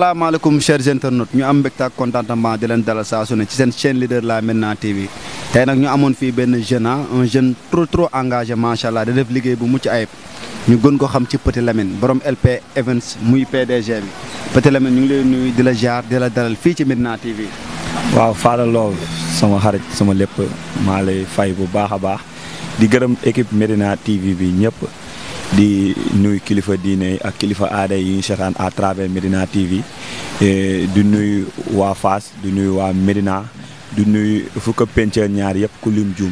salaamaaleykum chers internautes ñu am mbégte ak contentement di leen dalal saa su ne ci seen chaîne leader la Médina TV tey nag ñu amoon fii benn jeune ah, un jeune trop trop engagé macha allah def liggéey bu mucc ayib ñu gën ko xam ci Petit Lamine borom LP Events muy PDG bi Petit Lamine ñu ngi lay nuyu di la jaar di la dalal fii ci Médina TV. waaw Fada Lo sama xarit sama lépp maa lay fay bu baax a baax di gërëm équipe Médina TV bi ñëpp. di nuyu kilifa diine ak kilifa aada yi ñu seetaan à travers Medina TV eh, di nuyu waa Fass di nuyu waa Medina di nuyu fukk pencer ñaar yëpp ku lim juum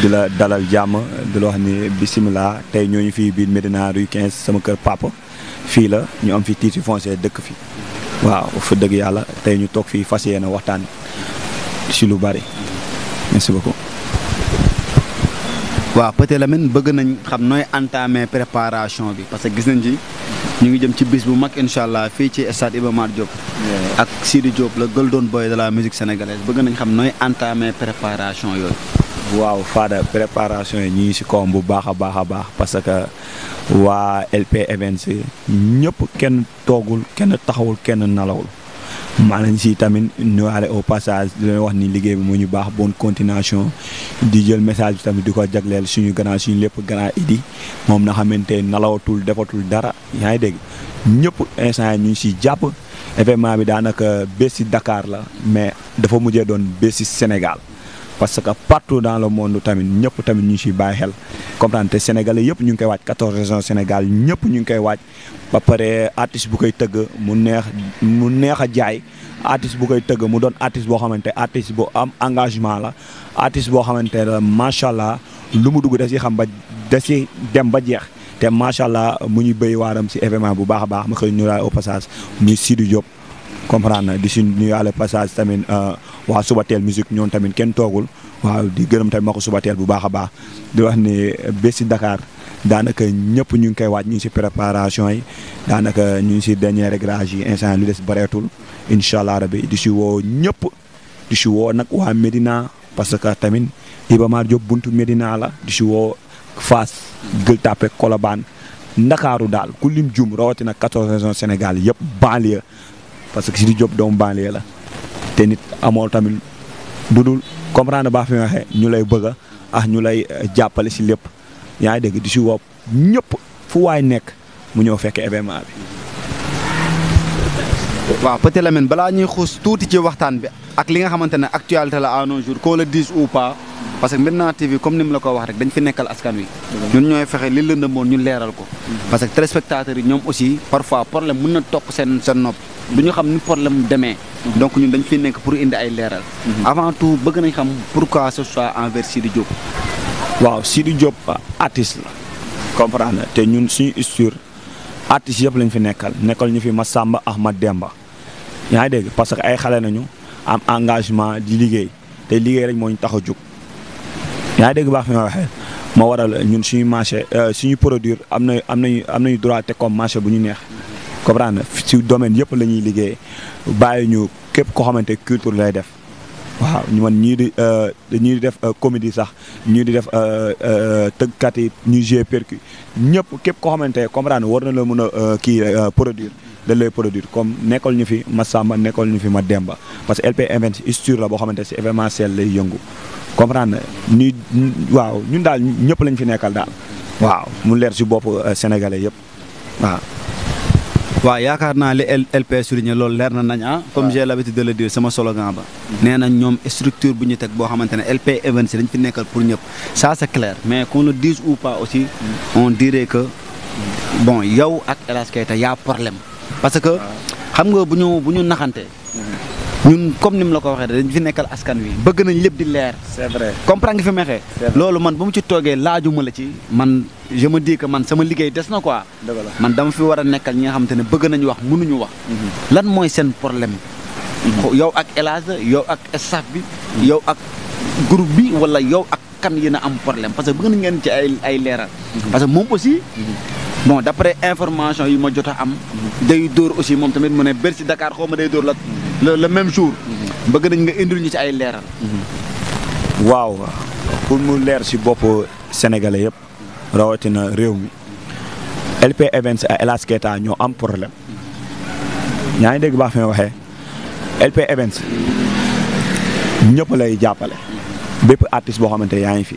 di la dalal jàmm di la wax ni bisimilah tey ñooñu fii biir Medina rue 15 sama kër papa fii la ñu am fi titre foncier dëkk fi waaw fa dëgg yàlla tey ñu toog fii fas yéene waxtaan si lu bari merci waaw Petit Lamine bëgg nañ xam nooy entamer préparation bi parce que gis nañ ci ñu ngi jëm ci bis bu mag incha allah fii ci stade Iba Mar ak Sidi Diop la golden boy de la musique sénégalaise bëgg nañ xam nooy entamer préparation yooyu. waaw Fada préparation yi ñu ngi si koom bu baax a baax a baax parce que waa LP events ñëpp kenn toogul kenn taxawul kenn nalawul. maa ñu si tamit nuwaale au passage di wax ni liggéey bi mu ñu baax bonne continuation di jël message bi tamit di ko jagleel suñu grand suñu lépp grand idi moom na xamante nalawatul defatul dara yaa ngi dégg ñëpp instant yi ñu ngi siy jàpp événement bi daanaka bés si Dakar la mais dafa mujjee doon bés Sénégal parce que partout dans le monde tamit ñëpp tamit ñu si baay bàyyi xel comprendre te sénégalais yëpp ñu ngi koy waaj 14 régions Sénégal ñëpp ñu ngi koy waaj ba pare artiste bu koy tëgg mu neex mu neex a jaay artiste bu koy tëgg mu doon artiste boo xamante artiste bu am engagement la artiste boo xamante ne macha allah lu mu dugg da si xam ba da si dem ba jeex te macha allah mu ñuy béy waaram si événement bu baax a baax ma koy nuyuwaay au passage muy Sidi Diop. comprendre na di si nuyaale passage tamit euh, waa Subatel musique ñoom tamit kenn toogul waaw di gërëm tamit ma ko Subatel bu baax a baax di wax ni béssi Dakar daanaka ñëpp ñu ngi koy waaj ñu si préparation yi daanaka ñu ngi si dernier réglage yi instant lu des bareetul incha allah rabi di si woo ñëpp di si woo nag waa Médina parce que tamit Iba Mar buntu Médina la di si woo Fass Gueule Tapée Colobane Ndakaaru daal ku lim jum rawatina 14 régions Sénégal yëpp banlieue parce que Sidi Diop doomu banlieue la te nit amoo tamit du dul comprendre baa fi nga waxee ñu lay bëgg ah ñu lay eh, jàppale si lépp yaa ngi dégg di si woo ñëpp fu waay nekk mu ñëw fekk événement bi. bi ak la à nos jours qu'on le dise ou pas parce que Médina TV comme ni mu la ko wax rek dañ fi nekkal askan wi. ñun ñooy fexe li lëndëmoon ñu leeral ko. Mm-hmm. parce que téléspectateurs yi ñoom aussi parfois problème mun na toq seen seen nopp. du ñu xam ni problème demee. donc ñun dañ fi nekk pour indi ay leeral. Mhm. avant tout bëgg nañ xam pour pourquoi ce choix envers di Diop. waaw Sidi Diop artiste la. comprendre te ñun suñu structure artiste yëpp lañ fi nekkal nekkal ñu fi sàmb Massamba Ahmad Demba. yaa ngi dégg parce que ay xale nañu am engagement di liggéey te liggéey rek moo ñu tax a jóg. yaa dégg baax fi ma waxee moo waral ñun suñu marché euh, suñu produire am na am nañu am nañu droit te comme marché bu ñu neex. comprendre si domaine yëpp la ñuy liggéey bàyyi ñu képp koo xamante culture lay def waaw ñu man ñii di euh, ñii di def euh, comédie sax ñii di def euh, tëggkat yi ñuy jouer percu ñëpp képp koo xamante comprendre war na la mën a kii produire da lay produire comme nekkal ñu fi ma Samba nekkal ñu fi ma Demba parce que LP event structure la boo xamante si événementiel lay yëngu comprendre ñuy waaw ñun daal ñëpp lañ fi nekkal daal waaw mu leer si bopp sénégalais yëpp waaw yaakaar naa li LP souligné loolu leer na nañ ah comme j'ai l'habitude de le sama slogan ba nee na ñoom structure bu ñu teg boo xamante ne LP Events dañ fi nekkal pour ñëpp ça c'est clair mais qu'on le dise ou pas aussi on dirait que bon yow ak El Hadj Keita yaa problème parce que ah. xam nga bu ñu bu ñu naxante mm-hmm. ñun comme ni mu la ko waxee dañ fi nekkal askan wi bëgg nañ lépp di leer. c'est vrai comprendre nga fi meexee loolu man bu mu ci toogee laajuma la ci man je me man sama liggéey des na quoi. man dama fi war a nekkal ñi nga xamante ne bëgg nañu wax mënuñu wax. Mhm. lan mooy seen problème. Mhm. yow ak El yow ak staff bi. yow ak groupe bi wala yow ak kan yéen a am problème parce que bëgg nañ ngeen ci ay ay leeral. Mhm. parce que moom aussi. bon d'après information yi ma jot a am. day dóor moom tamit mu ne Bercy Dakar xaw ma day dóor la. la même jour. bëgg nañ nga indil ñu ci ay leeral. waaw pour mu leer si bopp sénégalais yëpp rawatina réew mi LP Events ak Elaj ñoo am problème ñaa ngi dégg baax fi ma waxee LP Events ñëpp lay jàppale bépp artiste boo xamante yaa ngi fi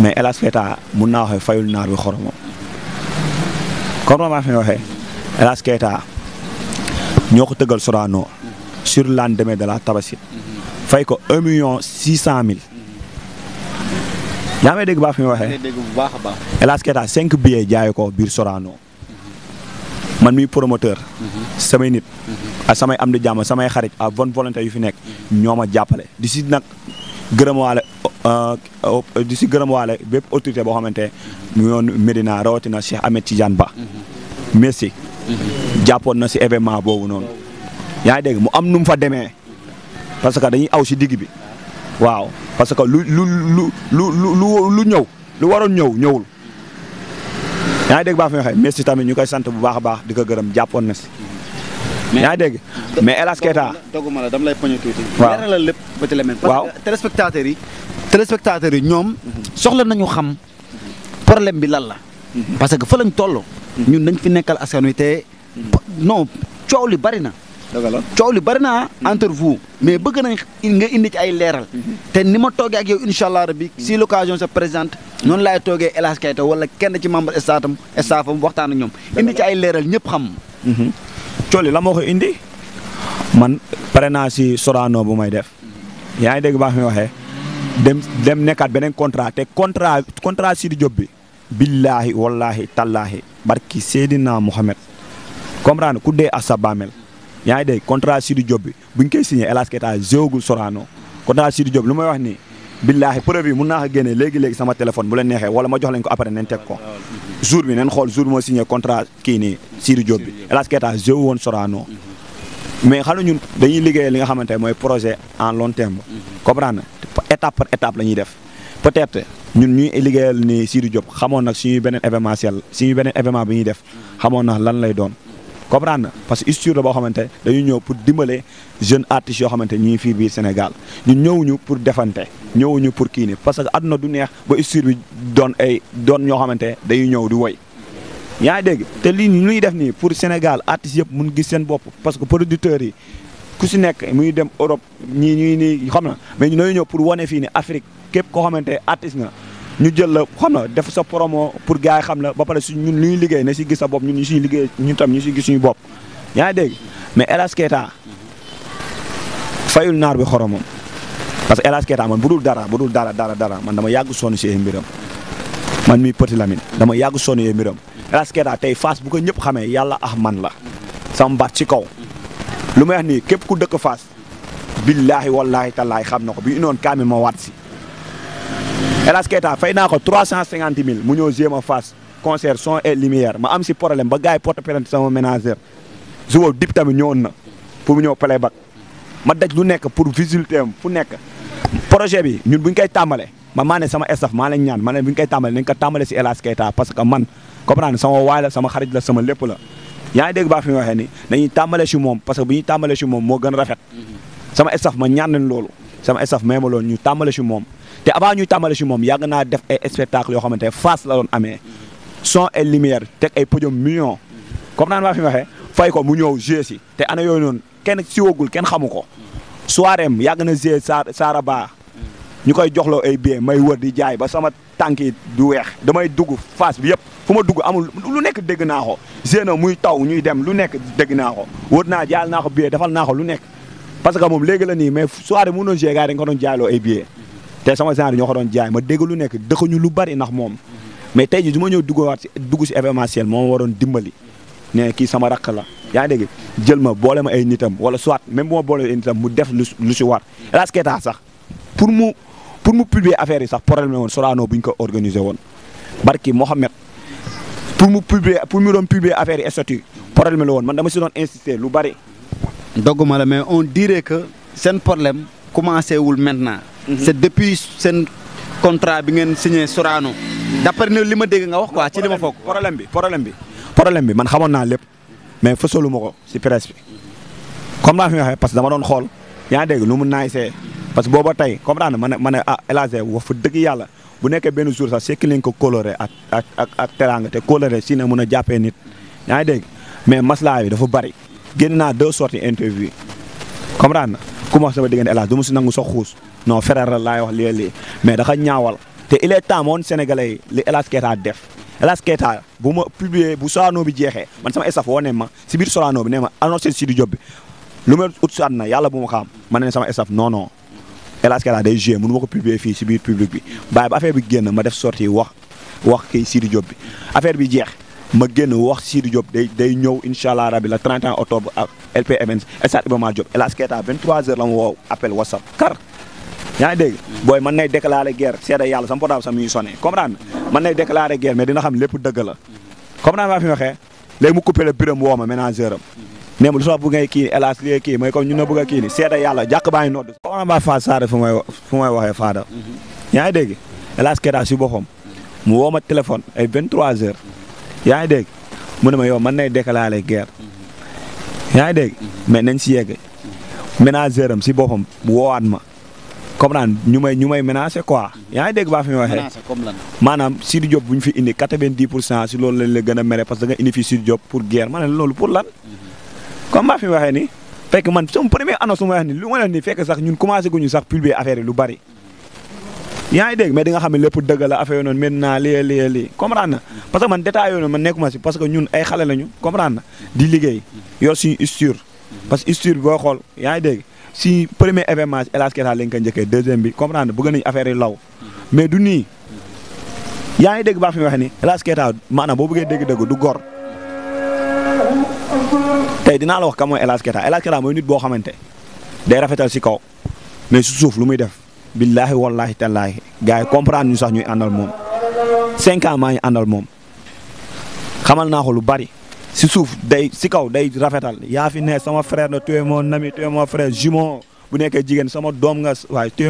mais Elaj mun naa waxee fayul naar bi xoromam comme ma fi ma waxee Elaj ñoo ko tëggal soraano sur le lendemain de la tabaski. Mhm. fay ko un million six cent mille. Mhm. yaa may dégg baax fi mu waxee. dégg bu baax a baax. Elaj Keita cinq billets jaay ko biir Sorano. Mhm. man mi promoteur. samay nit. ak samay am di jàmm samay xarit a bonne volonté yu fi nekk. ñoo ma jàppale di si nag gërëmwaale euh, di si gërëmwaale bépp autorité boo xamante mu yoon Medina rawatina Cheikh Ahmed Tidiane Ba. merci. jàppoon na si événement boobu noonu. yaa ngi dégg mu am nu mu fa demee parce que dañuy aw si digg bi waaw parce que lu lu lu lu lu lu ñëw lu waroon ñëw ñëwul yaa ngi dégg baa fi waxee Messi tamit ñu koy sant bu baax a baax di ko gërëm jàppoon na si. yaa ngi dégg mais El Hadj doguma la lay poñu tuuti. waaw leeralal lépp ba ci lemeen. waaw yi. téléspectateurs yi ñoom. soxla nañu xam problème bi lan la. Mhm. parce que fa lañ toll. Mhm. ñun dañ fi nekkal askan wi te. Mhm. non coow li bari na. coow li bari naa entre vous mais bëgg nañ nga indi ci ay leeral te ni ma toogee ak yow incha allah rabbi si l'occasion se présente noonu laay toogee El Hadj Keita wala kenn ci membre staffam staffam waxtaan ak ñoom indi ci ay leeral ñëpp xam mhm. coow li la moo ko indi man pare naa si Sorano bu may def yaa ngi dégg baax mi waxee dem nekkaat beneen contrat te contrat contrat Sidi Diop bi billaahi wallaahi tallaahi barki naa Mouhamed comprendre ku dee ak sa bàmmeel yaa ngi dégg contrat Sidi Diop bi bu ñu koy signé El Hadj Keita Sorano contrat Sidi Diop lu may wax ni billaahi preuve yi mun naa ko génne léegi-léegi sama téléphone bu leen neexee wala ma jox leen ko après neen teg ko jour bi neen xool jour moo signé contrat kii nii Sidi Diop bi El Hadj Keita woon soraano mais xam ñun dañuy liggéey li nga xamante mooy projet en long terme comprendre étape par étape la ñuy def peut-être ñun ñuy liggéeyal ni Sidi Diop xamoon nag suñuy beneen événementiel suñuy beneen événement bi ñuy def xamoon na lan lay doon comprendre na parce que structure la boo xamante dañu ñëw pour dimbale jeune artistes yoo xamante ñi ñu fii biir Sénégal ñun ñëwuñu pour defante ñëwuñu pour kii ni parce que àdduna du neex ba structure bi doon ay doon ñoo xamante dañuy ñëw di woy yaa ngi dégg te lii ñuy def nii pour Sénégal artistes yëpp mun gis seen bopp parce que producteurs yi ku si nekk muy dem Europe ñii ñu nii xam na mais ñu ñëw pour wane fii ni Afrique képp koo xamante artiste na ñu jël la xam na def sa promo pour gars yi xam la ba pare su ñun lu ñuy liggéey na si gis sa bopp ñu ñu siy liggéey ñu tam ñu si gis suñu bopp yaa dégg mais Elaj Keita fayul naar bi xoromam parce que Elaj Keita man dara bu dara dara dara man dama yàgg sonn si mbiram man mi Petit Lamine dama yàgg sonn yee mbiram tey Fass bu ko ñëpp xamee yàlla ah man la sama baat ci kaw lu ma wax nii képp ku dëkk Fass billaahi wallaahi tallaahi xam na ko bi ñu noon kaami ma waat si Elas Keita fay naa ko trois cent cinquante mille mu ñëw a face concert son et lumière ma am si problème ba gars yi porte plainte sama ménagère Zubo dip tamit ñëwoon na pour mu ñëw playback ma daj lu nekk pour visibilité am fu nekk projet bi ñun bu ñu koy tàmbale ma maa ne sama staff maa leen ñaan ma ne bu ñu koy tàmbale nañ ko tàmbale si Elas Keita parce que man comprendre sama waay la sama xarit la sama lépp la yaa ngi dégg baa fi mu waxee ni dañuy tàmbale si moom parce que bu ñuy tàmbale si moom moo gën rafet sama staff ma ñaan leen loolu sama staff may ma ñu tàmbale si moom te avant ñuy tàmbali si moom yàgg naa def ay spectacle yoo xamante ne face la doon amee son et lumière teg ay podium million comme naa maa fi waxee fay ko mu ñëw joué si te ana yooyu noonu kenn siwagul kenn xamu ko soiréem yàgg na joué sa saara ba ñu koy joxloo ay billets may wër di jaay ba sama tànk yi du weex damay dugg face bi yëpp fu ma dugg amul lu nekk dégg naa ko géna muy taw ñuy dem lu nekk dégg naa ko wër naa jaal naa ko billet defal naa ko lu nekk parce que moom léegi la nii mais soirée mu noon joué ay billets te sama genre ñoo ko doon jaay ma dégg lu nekk dëkkuñu lu bari ndax moom mais tey jii du ma ñëw duggawaat ci dugg ci événementiel moom waroon dimbali ne kii sama rakk la yaa ngi dégg jël ma boole ma ay nitam wala soit même bu ma boole ay nitam mu def lu lu ci war Elaj Keita sax pour mu pour mu publier affaire yi sax problème la woon bu ñu ko organisé woon barki Mohamed pour mu publier pour mu doon publier affaire yi statut problème la woon man dama si doon insister lu bari. dogguma la mais on dirait que seen problème commencé wul maintenant. c'est depuis seen contrat bi ngeen signé Sorano. d'après ne li ma dégg nga wax quoi ci li ma foog. problème bi problème bi problème bi man xamoon naa lépp mais fësalu ma ko si presse bi comme naa fi waxee parce que dama doon xool yaa dégg lu mu naay see parce que booba tey comprendre ma a ma ne ah El Hadj dëgg yàlla bu nekkee benn jour sax sekki lañ ko coloré ak ak ak teraanga te coloré si ne mun a jàppee nit yaa ngi dégg mais maslaa bi dafa bari génn naa deux sorties interview comprendre na commencé ba diggante El Hadj du ma si nangu sax xuus. non frère la laay wax lii lii mais dafa ñaawal te il est temps moon sénégalais yi li El def El Hadj bu ma publier bu Sorano bi jeexee man sama ma si biir Sorano bi ne ma annoncé Sidi Diop bi lu ma ut yàlla bu ma ma ne sama staff non non El Hadj Keita day joué mënu ma ko publier fii si biir public bi bàyyi ba affaire bi génn ma def sorti wax wax ki Sidi Diop bi affaire bi jeex. ma génn wax Sidi Diop day day ñëw incha allah rabi la 31 octobre ak LPMN stade Iba Mar Diop El Hadj Keita 23h la ma woo appel whatsapp kar yaa ngi dégg booy mën nay déclarer guerre seede yàlla sama portable sama ñuy sonné comprendre nga mën nay déclarer guerre mais dina xam lépp dëgg la comprendre nga fi ma waxee léegi mu coupé le biram woo ma ménageur am ne ma lu soo bëgg ngay kii hélas li kii mooy comme ñu na bëgg a kii ni seede yàlla jàkk baa ngi nodd comprendre nga Fatou Sarr fu may fu may waxee Fada yaa ngi dégg si boppam mu woo ma téléphone ay 23 heures yaa ngi dégg mu ne ma yow mën nay déclarer guerre yaa ngi dégg nañ si yegg am si boppam woowaat ma comprendre ñu may ñu may menacé quoi yaa baa fi may maanaam Sidi Diop bu ñu fi indi quatre-vingt-dix pour cent si loolu la gën a mere parce que da nga indi fii Sidi Diop pour guerre ma ne loolu pour lan mhm. comme baa fi may waxee ni fekk man sama première annonce ma wax ni lu ma leen ni fekk sax ñun commencé guñu sax publier affaire yi lu bari yaa ngi dégg mais di nga xam ne lépp dëgg la affaire yoonoonu maintenant lii lii lii comprendre na mhm. parce que man détail yoonoonu man nekkuma si parce que ñun ay xale lañu comprendre mhm. parce que structure boo xool yaa ngi si premier événement El Hadj Keita lañ ko njëkkee deuxième bi comprendre bëgg nañ affaire law mais du nii yaa ngi dégg baa fi mu wax ni El Hadj Keita maanaam boo bëggee dégg du gor tey dinaa la wax ka mooy El Hadj Keita El Hadj Keita mooy nit boo xamante day rafetal si kaw mais si suuf lu muy def billaahi wallaahi tallaahi gars yi comprendre ñu sax ñuy àndal moom cinq ans maa ngi àndal moom xamal naa ko lu bari si suuf day si kaw day rafetal yaa fi ne sama frère na tu es mon ami tu es bu nekkee jigéen sama doom nga waaye tu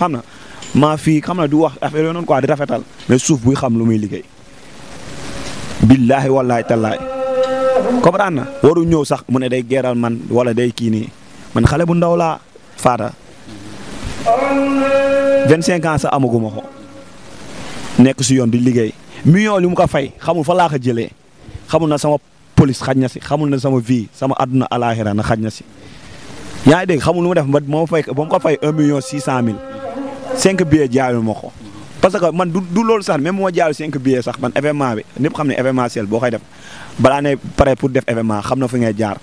xam na maa fii xam na du wax affaire yoonoon ko quoi di rafetal mais suuf buy xam lu muy liggéey. billaahi wallaahi tallaahi comprendre waru ñëw sax mu ne day geeral man wala day kii nii man xale bu ndaw laa faata vingt cinq ans sax amaguma ko nekk si yoon di liggéey million li mu ko fay xamul fa laa ko jëlee xamul na sama police xaj na si xamul na sama vie sama àdduna alaaxira na xaj na si yaa ngi dégg xamul lu ma def ba ma fay ba ma ko fay un million six cent mille cinq billets jaayu ma ko parce que man du du loolu sax même moo jaar cinq billets sax man événement bi ñëpp xam ne événement sel boo koy def balaa ne pour def événement xam na fu ngay jaar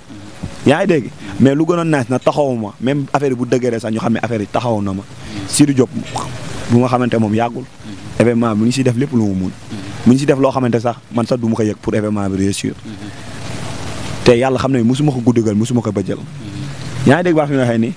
yaa ngi dégg mais lu gënoon naaj na taxawuma même affaire bu dëgëree sax ñu xam ne affaire yi taxaw na ma Sidy Diop bu ma xamante moom yàggul événement mu ngi si def lépp lu mu mun si def loo xamante sax man sax du mu ko yëg pour événement bi réussir te yàlla xam ne mosuma ko guddugal mosuma ko bëjjal mm-hmm. yaa ngi dégg baax fi nga waxee ni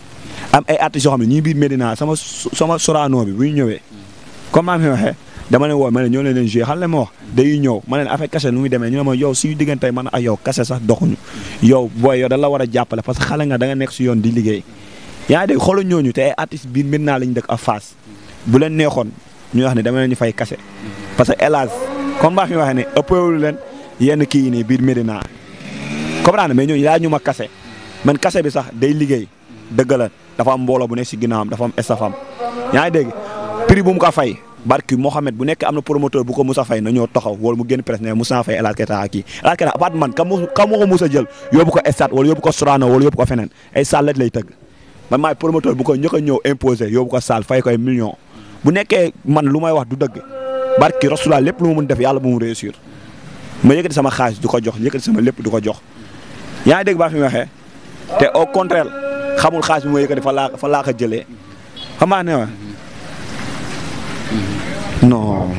am ay artistes yoo xam ne ñii biir Medina sama sama Sorano bi bu ñu ñëwee mm-hmm. comme maa fi waxee dama woo ma ne ñoo leen leen joué xam leen ma day ñëw ma leen affaire kase nu muy demee ñu ne yow suñu diggante man ak yow kase sax doxuñu mm-hmm. yow booy yow da la war a jàppale parce que xale nga da nekk si yoon di liggéey yaa ngi dégg xoolal ñooñu te ay artistes biir Medina lañ dëkk ak Fass bu leen neexoon ñu wax ne dama leen ñu fay kase parce que hélas comme maa fi waxee ne ëppewul leen yenn kii yi nii biir Medina comprendre mais ñooñu daa ñu ma kase man kase bi sax day liggéey dëgg la dafa am booloo bu nekk si ginnaawam dafa am estafam yaa ngi dégg prix bu mu ko fay barki Mohamed bu nekk am na promoteur bu ko Moussa Faye na ñoo taxaw wala mu génn presse ne Moussa Faye El Hadj Keita kii El Hadj ka mu mu ko Moussa jël yóbbu ko stade wala yóbbu ko Sorano wala yóbbu ko feneen ay salle lañ lay tëgg man maay promoteur bu ko njëkk a ñëw imposé yóbbu ko salle fay koy million bu nekkee man lu may wax du dëgg barki Rasulullah lépp lu mun def yàlla bu mu réussir ma sama xaalis du ko jox yëkkati sama lépp du ko jox yaa ngi dégg baax fi mu waxee te au contraire xamul xaalis bi mooy yëkkati fa laa fa laa ko jëlee xam ne ma non.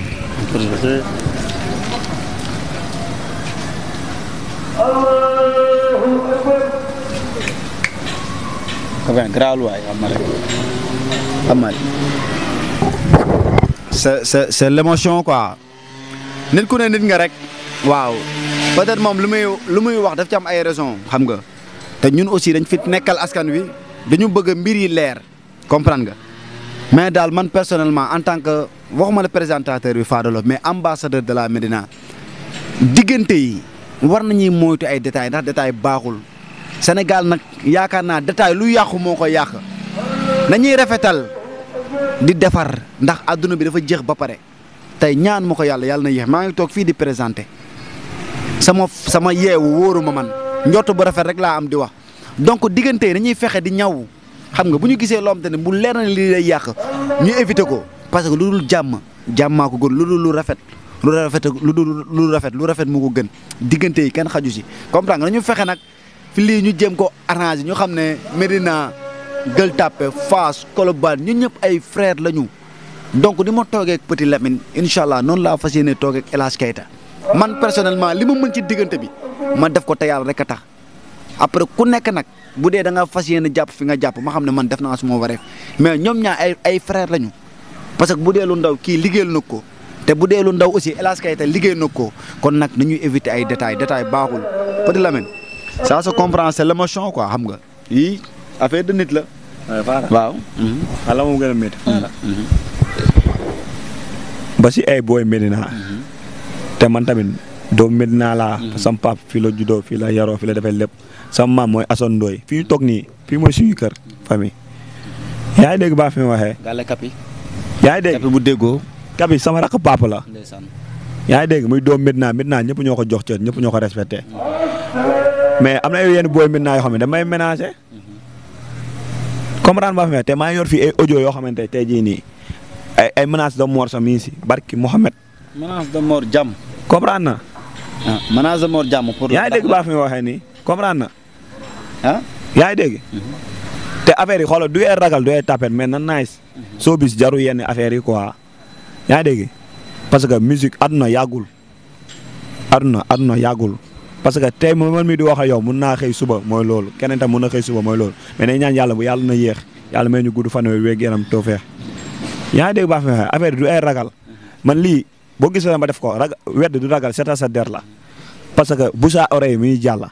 c'est c'est l'émotion quoi. nit ku ne nit nga rek. waaw. peut-être moom lu muy lu muy wax daf ci am ay raison xam nga te ñun aussi dañ fi nekkal askan wi dañu bëgg mbir yi leer comprendre nga mais daal man personnellement en tant que waxuma la présentateur bi Fada Love mais ambassadeur de la Médina diggante yi war nañuy moytu ay détails ndax détail baaxul Sénégal nag yaakaar naa détail lu yàqu moo ko yàq nañuy rafetal di defar ndax àdduna bi dafa jeex ba pare tey ñaan ma ko yàlla yàlla na yéex maa ngi toog fii di présenté sama sama yeewu wóoru ma man njott bu rafet rek laa am di wax donc diggante yi dañuy fexe di ñaw xam nga bu ñu gisee loom ne bu leer lii lay yàq ñu éviter ko parce que lu dul jàmm jàmmaa ko gën lu dul lu rafet lu rafet lu dul lu rafet lu rafet moo ko gën diggante yi kenn xaju si comprendre nga ñu fexe nag fi lii ñu jëm ko arranger ñu xam ne Médina Gueule Tapée Fass Colobane ñun ñëpp ay frère lañu donc ni ma toogee ak Petit Lamine incha allah noonu laa fas yéene toogee ak El man personnellement li ma mën ci diggante bi ma def ko te yàlla rek a tax après ku nekk nag bu dee da nga fas yéene jàpp fi nga jàpp ma xam ne man def naa su ma wareef mais ñoom ñaa ay ay frère lañu parce que bu dee lu ndaw kii liggéeyal na ko te bu dee lu ndaw aussi El Hadj Keita liggéey na ko kon nag nañuy éviter ay détails détails baaxul Petit Lamine ça la ma c'est l'émotion quoi xam nga yii affaire de nit la. waaw. ala moom gën a métti. Mm-hmm. ba si ay booy Medina. Mm-hmm. te man tamit doomu Medina laa. Mm-hmm. sam pap fii la juddoo fii la yaroo fii la defee lépp sama maam mooy ason Ndoye fii ñu toog nii fii mooy suñu kër famille. yaa ngi dégg baa fi mu waxee. gàll yaa ngi dégg kapi déggoo. kapi sama rakk papa la. ndeysaan. yaa ngi dégg muy doomu Medina Medina ñëpp ñoo ko jox cër ñëpp ñoo ko respecté. mais am na ay yenn booy Medina yoo xam ne damay ménager. Mm-hmm. comprendre baa fi mu te maa yor fii ay ojo yoo xamante tey jii nii ay ay menaces de mort sax mi ngi si jàmm. comprendre na. ah menace de jàmm pour. yaa ngi dégg waxee nii comprendre ah? yaa ngi dégg. Mhm. te affaire yi xoolal du yee ragal du yee tapet mais na nice. Mhm. soo bis jaru yenn affaire yi quoi yaa ngi parce que musique àdduna yàggul àdduna àdduna yàggul. parce que tey man mii di wax ak yow mun naa xëy suba mooy loolu keneen tam mun na xëy suba mooy lool mais dañ ñaan yàlla bu yàlla na yéex yàlla may ñu gudd fan wéeg yaram too feex yaa ngi dégg baax mi affaire du ay ragal mhm. man lii boo gisee ma def ko rag wedd du ragal seetal sa der la parce que bu sa oreille mi jàlla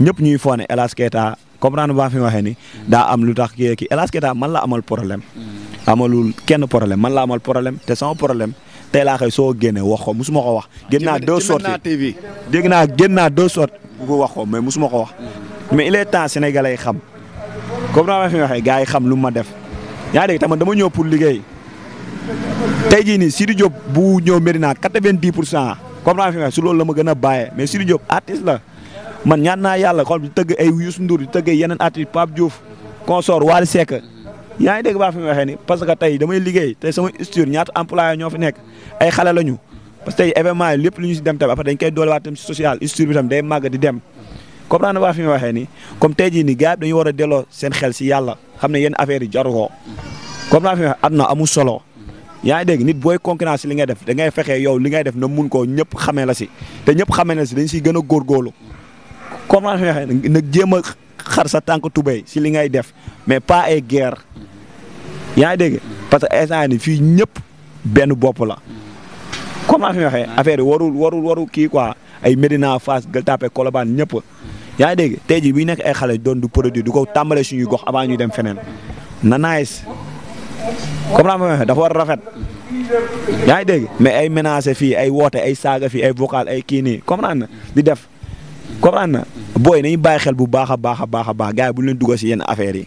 ñëpp ñuy foone Elaj Keita comprendre ba fi ma waxee ni daa am lu tax kii kii Elaj Keita man la amal problème amalul kenn problème man la amal problème te sama problème tey laa soo génne wax ko musuma ko wax. génn naa deux sorties dégg naa génn naa deux sorties bu wax ko mais musuma ko wax. mais il est temps sénégalais xam comprendre ma waxee gars yi xam lu ma def yaa dégg tamit dama ñëw pour liggéey. tey jii nii Sidi Diop bu ñëw Medina quatre-vingt-dix pour cent comprendre fi ma su loolu la ma gën a bàyyee mais Sidi Diop artiste la man ñaan naa yàlla xool di tëgg ay Youssou Ndour di tëgg yeneen artiste Pape Diouf consort Wally Seck yaa ngi dégg baa fi ma waxee ni parce que tey damay liggéey tey sama structure ñaata employé ñoo fi nekk ay xale lañu parce que tey événement yi lépp lu ñu si dem tamit après dañ koy doolewaat tamit si social structure bi tam day màgg di dem comprendre baa fi ma waxee ni comme tey jii nii gars yi dañu war a delloo seen xel si yàlla xam ne yenn affaire yi jaru ko comprendre fi ma waxee aduna amul solo yaa ngi dégg nit booy concurrence li ngay def da fexe yow li ngay def na mun koo ñëpp xamee la si te ñëpp xamee la si dañ siy gën a góorgóorlu comprendre nga nag jéem a xar sa tànk tubéy si li ngay def mais pas ay guerre yaa dégg parce que instant ni ñëpp benn bopp la comment fi ma waxee affaire warul warul warul kii quoi ay Médina Fass Gueule Tapée Colobane ñëpp yaa ngi dégg tey jii bi nekk ay xale doon du produit du ko tàmbalee suñuy gox avant ñuy dem feneen na nice comme naa ma dafa war rafet yaa ngi dégg mais ay menaces fii ay woote ay saaga fii ay vocal ay kii nii comprendre na di def comprendre na booy nañu bàyyi xel bu baax a baax a baax a baax gars yi bu ñu leen dugal si yenn affaires yi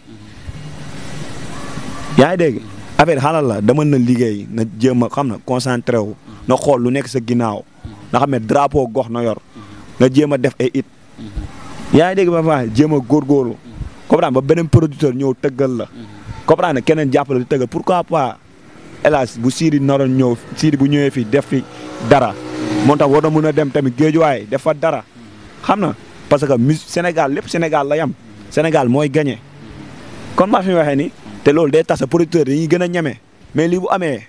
yaa ngi dégg affaire xalal la dama na liggéey na jéem a xam na concentré wu na xool lu nekk sa ginnaaw na xam ne drapeau gox na yor na jéem a def ay it yaa ngi dégg ba fa jéem a góorgóorlu comprendre ba beneen producteur ñëw tëggal la comprendre keneen jàppale di pour pourquoi pas hélas bu Sidy naroon ñëw Sidy bu ñëwee fii def fi dara moo tax war na mën a dem tamit géejuwaay def fa dara xam na parce que mus Sénégal lépp Sénégal la yam Sénégal mooy gagné kon maa fi mu waxee ni te loolu day tax sa producteur dañuy gën a ñeme mais lii bu amee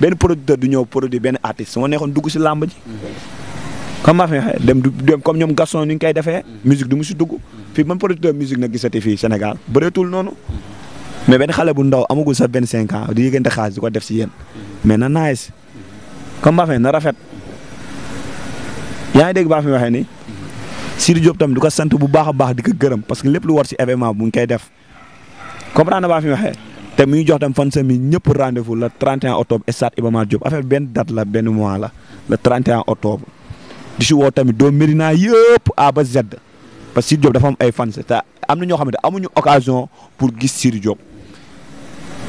benn producteur du ñëw produit benn artiste su ma dugg si làmb ji. comme maa fi waxee dem du dem comme ñoom Gaston ni ñu koy defee. musique du mu si dugg. fii man producteur musique nag gisati fii Sénégal bëreetul noonu. mais benn xale bu ndaw amagul sax benn cinq ans di yëgante xaalis di ko def si yéen mais na nice comme Bafin na rafet yaa ngi dégg Bafin waxee ni Sidy Diop tamit du ko sant bu baax a baax di ko gërëm parce que lépp lu war si événement mu ngi koy def comprendre na Bafin waxee te mu ngi jox tam fan sa mi ñëpp rendez-vous le 31 octobre stade Iba Mar Diop affaire benn date la benn mois la le 31 octobre di si woo tamit doomu Médina yëpp A ba Z parce que Sidy Diop am ay fans am na ñoo xamante amuñu occasion pour gis Sidy Diop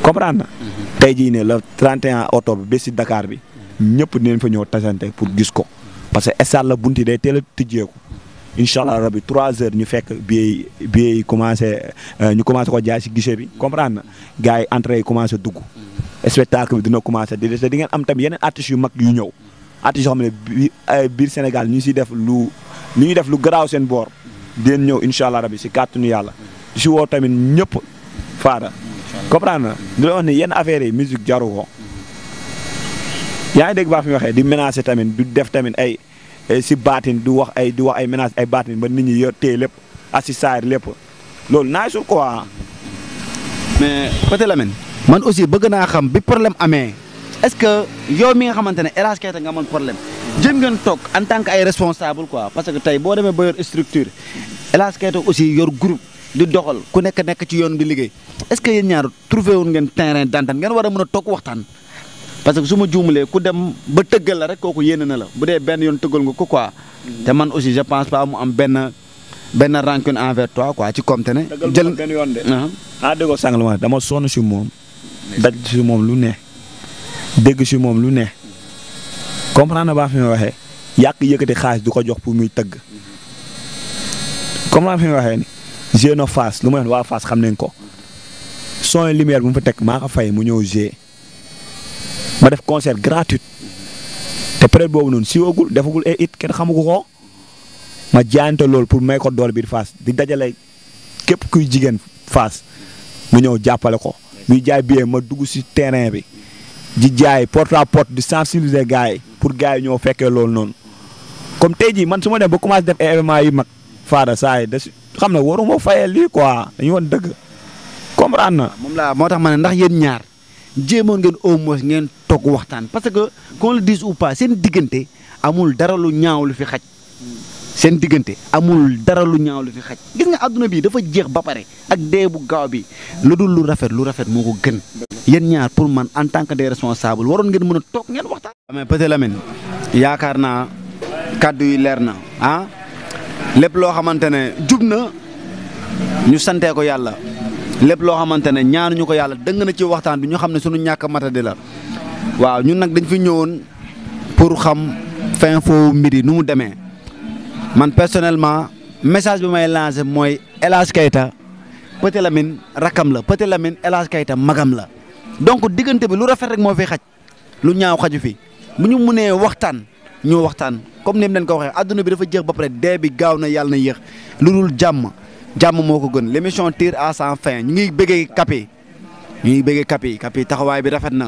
comprendre na mhm. tey jii ne le 31 octobre bi si dakaar bi ñëpp dinañ fa ñëw tasante pour gis ko parce que stade la bunti dee teel a tijjeeku incha allah rabi trois heures ñu fekk bi yi billets euh, ñu commencé ko jaay si guichet bi comprendre na gars yi entrée yi commencé dugg spectacle bi dina commencé di te di ngeen am tam yeneen artistes yu mag yu ñëw artistes yoo xam ne biir Sénégal ñu ngi siy def lu ñu ngi def lu garaaw seen boor dinañ ñëw incha allah rabi si kàttanu yàlla si tamit ñëpp comprendre na di la wax ni yenn affaires yi musique jaru ko yaa ngi dégg baa fi waxee di menacer tamit du def tamit ay si baatin du wax ay di wax ay menaces ay baatin ba nit ñi yor téye lépp ak si saar lépp loolu naay sur quoi. mais côté Lamine man aussi bëgg naa xam bi problème amee est-ce que yow mi nga xamante ne Elaj Keita nga amoon problème jëm ngeen toog en tant que ay responsable quoi parce que tey boo demee ba yor structure Elaj Keita aussi yor groupe. di doxal ku nekk nekk ci yoon di liggéey est-ce que yéen ñaar trouvé woon ngeen terrain d'entente ngeen war a mën a toog waxtaan. parce que su ma juumalee ku dem ba tëggal la rek kooku yéene na la bu dee benn yoon tëggal nga ko quoi. te man aussi je pense pas mu am benn benn rancune envers toi quoi ci compte ne. jël benn yoon de. ah déggoo sànq ma dama sonn si moom. daj si moom lu ne. dégg si moom lu ne. comprendre na baa fi may waxee. yàq yëkkati xaalis du ko jox pour muy tëgg. comprendre fi waxee jeune Fass lu ma leen waa Fass xam nañ ko son lumière bu mu fa teg maa ko fay mu ñëw g ma def concert gratuit te période boobu noonu siwagul defagul e it kenn xamu ko ma jaante loolu pour may ko doole biir Fass di dajale képp kuy jigéen Fass mu ñëw jàppale ko muy jaay billet ma dugg si terrain bi di jaay porte à porte di sensibiliser gars yi pour gars yi ñoo fekkee loolu noonu comme tey jii man su ma ba commencé def événement yi mag faada saa yi des xam ne waruma fayal lii quoi dañu woon dëgg comprendre na. moom laa moo tax ma ne ndax yéen ñaar jéemoon ngeen au moins ngeen toog waxtaan parce que qu'on le dise ou pas seen diggante amul dara lu ñaaw lu fi xaj. seen diggante amul dara lu ñaaw lu fi xaj gis nga àdduna bi dafa jeex ba pare ak dee bu gaaw bi lu dul lu rafet lu rafet moo ko gën. yéen ñaar pour man en tant que des responsables waroon ngeen mën a toog ngeen waxtaan. mais peut-être Lamine yaakaar naa kàddu yi leer na ah? lépp loo xamante ne jub na ñu santee ko yàlla lépp loo xamante ne ñaanuñu ko yàlla dëng na ci waxtaan bi ñu xam ne suñu ñàkk matadi la waaw ñun nag dañ fi ñëwoon pour xam fin foofu mbir yi nu mu demee man personnellement message bi may lancé mooy El Hadj Keita Petit Lamine rakkam la Petit Lamine El Hadj Keita magam la donc diggante bi lu rafet rek moo fi xaj lu ñaaw xaju fi bu ñu mënee waxtaan. ñu waxtaan comme ni mu leen ko waxee adduna bi dafa jeex ba pare dee bi gaaw na yàlla na yéex lu dul jàmm jàmm moo ko gën l' émission tire à sa fin ñu ngi bëggee Kappé ñu ngi bëggee Kappé Kappé taxawaay bi rafet na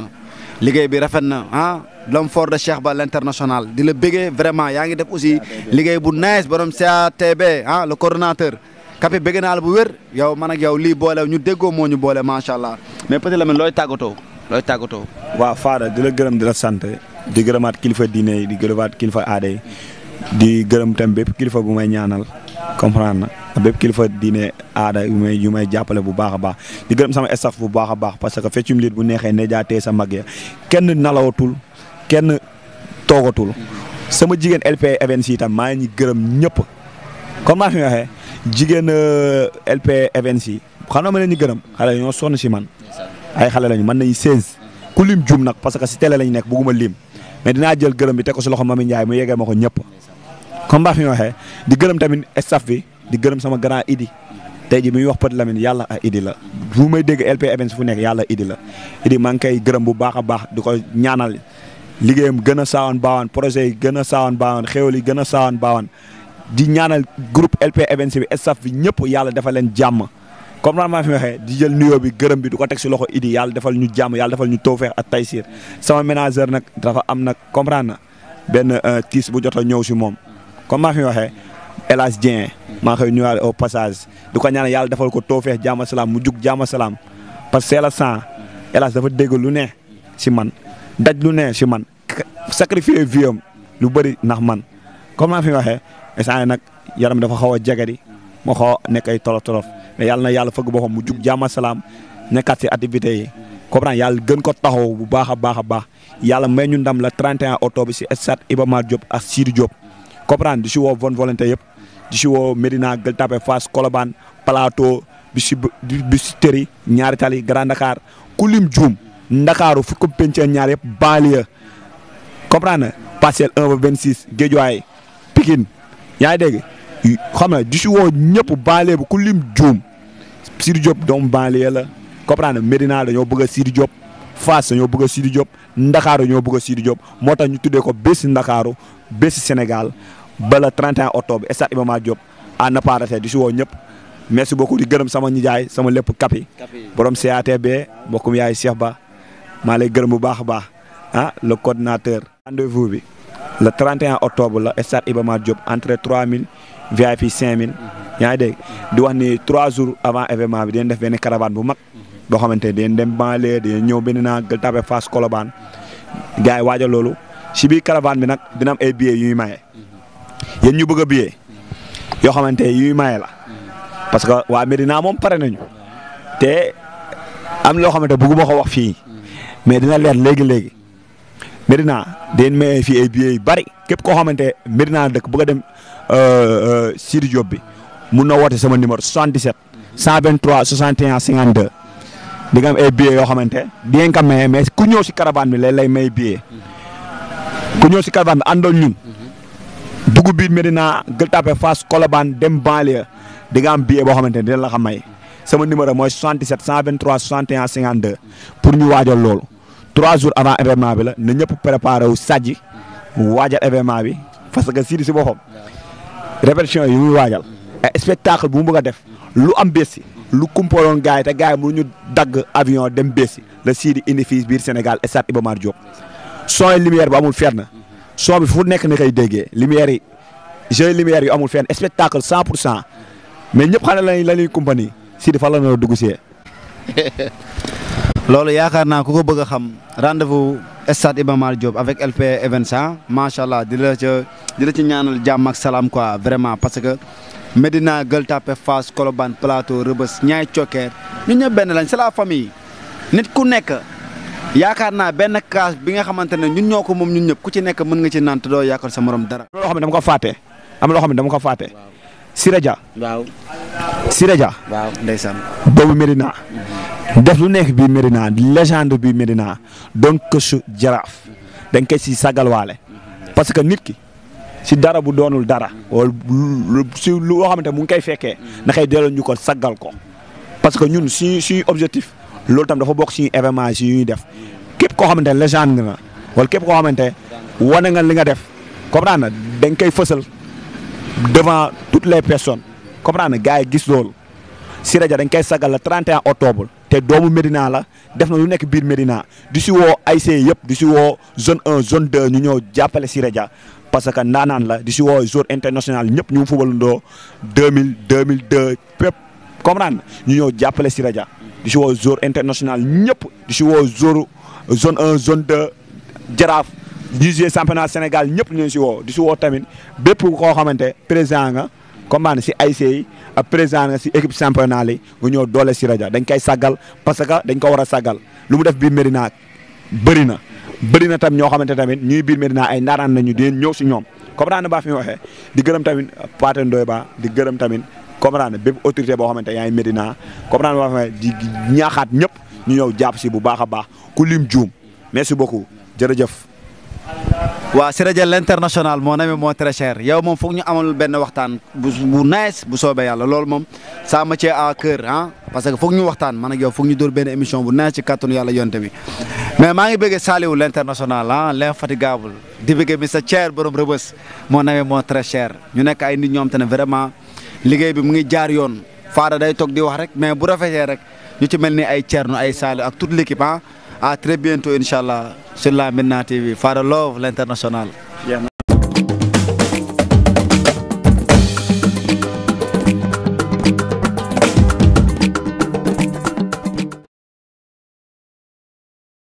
liggéey bi rafet na ah l'homme fort de Cheikh Ba l' international di la bëggee vraiment yaa ngi def aussi liggéey bu nice borom CATB ah le cordinateur kape bëgg naa la bu wér yow man ak yow lii boole ñu déggoo moo ñu boole macha allah mais peut-être looy tàggatoo looy tàggatoo. waa Fada di la gërëm di la sant di gërëmaat kilifa diine yi di gërëmaat kilifa aada yi di gërëm tam bépp kilifa bu may ñaanal comprendre na bépp kilifa diine aada yu may yu may jàppale bu baax a baax di gërëm sama staff bu baax a baax parce que feccum liit bu neexee ne jaatee sa mag ya kenn nalawatul kenn toogatul sama jigéen LP Events yi tam maa ngi gërëm ñëpp comme maa fi waxee jigéen euh, LP Events yi xanaa ma leen ñu gërëm xale ñoo sonn si man ay xale lañu mën nañu 16 ku lim juum nag parce que si lañu nekk bëgguma lim. mais dinaa jël gërëm bi teg ko si loxo Mami Ndiaye mu yeggee ma ko ñëpp comme baax mi waxee di gërëm tamit staff bi di gërëm sama grand Idi tey ji bi ñuy wax Pod Lamine yàlla ak Idi la bu may dégg LP Events fu nekk yàlla Idi la Idi maa ngi koy gërëm bu baax a baax di ko ñaanal liggéeyam gën a saawan baawaan projet yi gën a saawan baawaan xéwal yi gën a saawan baawaan di ñaanal groupe LP Events bi staff bi ñëpp yàlla dafa leen jàmm comme naan maa fi waxee di jël nuyoo bi gërëm bi du ko teg si loxo Idi yàlla defal ñu jàmm yàlla defal ñu tawfeex ak taysiir sama ménageur nag dafa am nag comprendre na benn euh, tiis bu jot a ñëw si moom comme maa fi waxee El Hadj Dieng maa koy nuyuwaale au passage du ko ñaan yàlla defal ko tawfeex jàmm salaam mu jug jàmm salaam parce que c'est la sant El Hadj dafa dégg lu ne si man daj lu ne si man sacrifier vie am lu bëri ndax man comme maa fi waxee instant nag yaram dafa xaw a jagari moo xaw nekk ay tolof tolof mais yàlla na yàlla fëgg boppam mu jug jàmm salaam nekkaat si activité yi comprendre yàlla gën ko taxaw bu baax a baax a baax yàlla may ñu ndam la 31 octobre si stade Iba Mar Diop ak Sidi Diop comprendre di si woo bonne volonté yëpp di si woo Médina Gueule Tapée Fass Colobane Plateau Biscuiterie Ñaari Tali Grand Dakar ku lim juum ndakaaru fu ko penc ñaar yëpp banlieue comprendre na parcelle 1 ba 26 Guédiawaye Pikine xam na di si woo ñëpp banlieue bi ku lim juum Sidi Diop doomu banlieue la comprendre Medina dañoo bëgg a Sidi Diop Fass dañoo bëgg a Sidi Diop Ndakaaru ñoo bëgg a Sidi moo tax ñu tuddee ko bési Ndakaaru bési Sénégal ba le 31 octobre stade Iba Mar Diop à ne pas rater di si woo ñëpp merci beaucoup di gërëm sama nijaay sama lépp kapi borom CATB mbokkum yaay Cheikh Ba maa lay gërëm bu baax a baax ah le coordinateur rendez-vous bi le 31 octobre la stade Iba Mar entre entrée 3000 VIP 5000 yaa ngi dégg di wax ni trois jours avant événement bi dinañ def benn caravane bu mag boo xamante ne dinañ dem banlieue dinañ ñëw benn naa Gueule Tapée Fass Colobane gars yi waajal loolu si biir caravane bi nag dina am ay billets yu ñuy maye yéen ñu bëgg a yoo xamante ne yu maye la parce que waa Medina moom pare nañu te am loo xamante bëgguma ko wax fii mais dina leer léegi léegi Medina dinañ maye fii ay billets yu bari képp ko xamante Medina dëkk bëgg a dem. Euh, euh, Sidi Diop bi mun na woote sama numéro 77 123 61 52 di nga am ay billets yoo xamante di ngeen ko maye mais ku ñëw si caravane bi léeg lay may billet ku ñëw si caravane bi àndoon ñun dugub biir Medina Gueule Tapée fas Colobane dem banlieue di nga am billet boo xamante ne dina la ko may sama numéro mooy 77 123 61 52 pour ñu waajal loolu trois jours avant événement bi la na ñëpp préparé wu sàjji waajal événement bi parce que Sidi si boppam. répétition yi muy waajal ay spectacle bu mu bëgg a def lu am Bercy lu kumpaloon gars yi te gars yi mënuñu dagg avion dem Bercy la Sidy indi fii biir Sénégal stade Iba Mar Diop son yi lumière bi amul na son bi fu nekk ni koy déggee lumière yi jeu lumière yu amul fenn spectacle cent pour cent mais ñëpp xam ne la ñuy la ñuy compagnie la ñu duggu see loolu yaakaar naa ku ko bëgg a xam rendez-vous stade Iba Mar Diop avec LP Events ah, macha allah di la ci ñaanal jàmm ak salaam quoi vraiment parce que Medina Gueule Tapée Fass Colobane Plateau Rebeuss Niayes Thioker ñu ñëpp benn lañ c'est la famille nit ku nekk yaakaar naa benn kaas bi nga xamante ne ñun ñoo ko moom ñun ñëpp ku ci nekk mën nga ci naan te doo yaakaar sa morom dara. am loo xam dama ko fàtte loo xam ne ko fàtte. Siré Dia. waaw. Siré Dia. waaw ndeysaan. doomu Medina. def lu nekk bii Medina légende bii Medina donc su jaraaf. dañ koy si sagal waale parce que nit ki si dara bu doonul dara. wala si loo xamante mu ngi koy fekkee. na koy delloo ñu ko sagal ko. parce que ñun suñu suñu objectif. loolu tam dafa bokk suñu événement yi ñuy def. képp koo xamante légende na. wal képp koo xamante wane nga li nga def. comprendre na dañ koy fësal. devant toutes les personnes comprendre nga gars yi gis loolu Siré Dia dañ koy sagal la 31 octobre te doomu Médina la def na lu nekk biir Médina di si woo ay ASC yëpp di si woo zone 1 zone 2 ñu ñëw jàppale Siré Dia parce que ndaanaan la di si woo zone internationale ñëpp ñu mu fubalandoo 2000 2002 pépp comprendre ñu ñëw jàppale Siré Dia di si woo zone international ñëpp di si zone zone zone 2 jaraaf. ñi joué championnat Sénégal ñëpp ñu si woo di si tamit bépp koo xamante président nga comme si ASC yi ak président nga si équipe championnat yi ñëw doole si rajo dañ koy sàggal parce que dañ ko war a sàggal lu mu def biir Médina bëri na bëri na tam ñoo xamante tamit ñuy biir Médina ay ndaaraan nañu di ñëw si ñoom comprendre baa fi mu di gërëm tamit Pathé Ndoye Ba di gërëm tamit comprendre bépp autorité boo xamante yaa ngi Médina comprendre baa ñaaxaat ñëpp ñu ñëw jàpp si bu baax a baax ku lim juum merci beaucoup jërëjëf waaw si rajo l'international mon ami mon très cher yow moom foog ñu amal benn waxtaan bu bu nice bu soobee yàlla loolu moom ça me tient à cœur ah parce que foog ñu waxtaan man ak yow foog ñu dóor benn émission bu nice ci kàttanu yàlla yonte bi mais maa ngi bëggee Saliou l'international ah l'infatigable di bëggee mi sa cher borom rëbës moo ami moo très cher ñu nekk ay nit ñoom te ne vraiment liggéey bi mu ngi jaar yoon Fada day toog di wax rek mais bu rafetee rek ñu ci mel ni ay Thierno ay Saliou ak toute l'équipe À très bientôt, Inch'Allah, sur la Minna TV. Far love l'international. Yeah.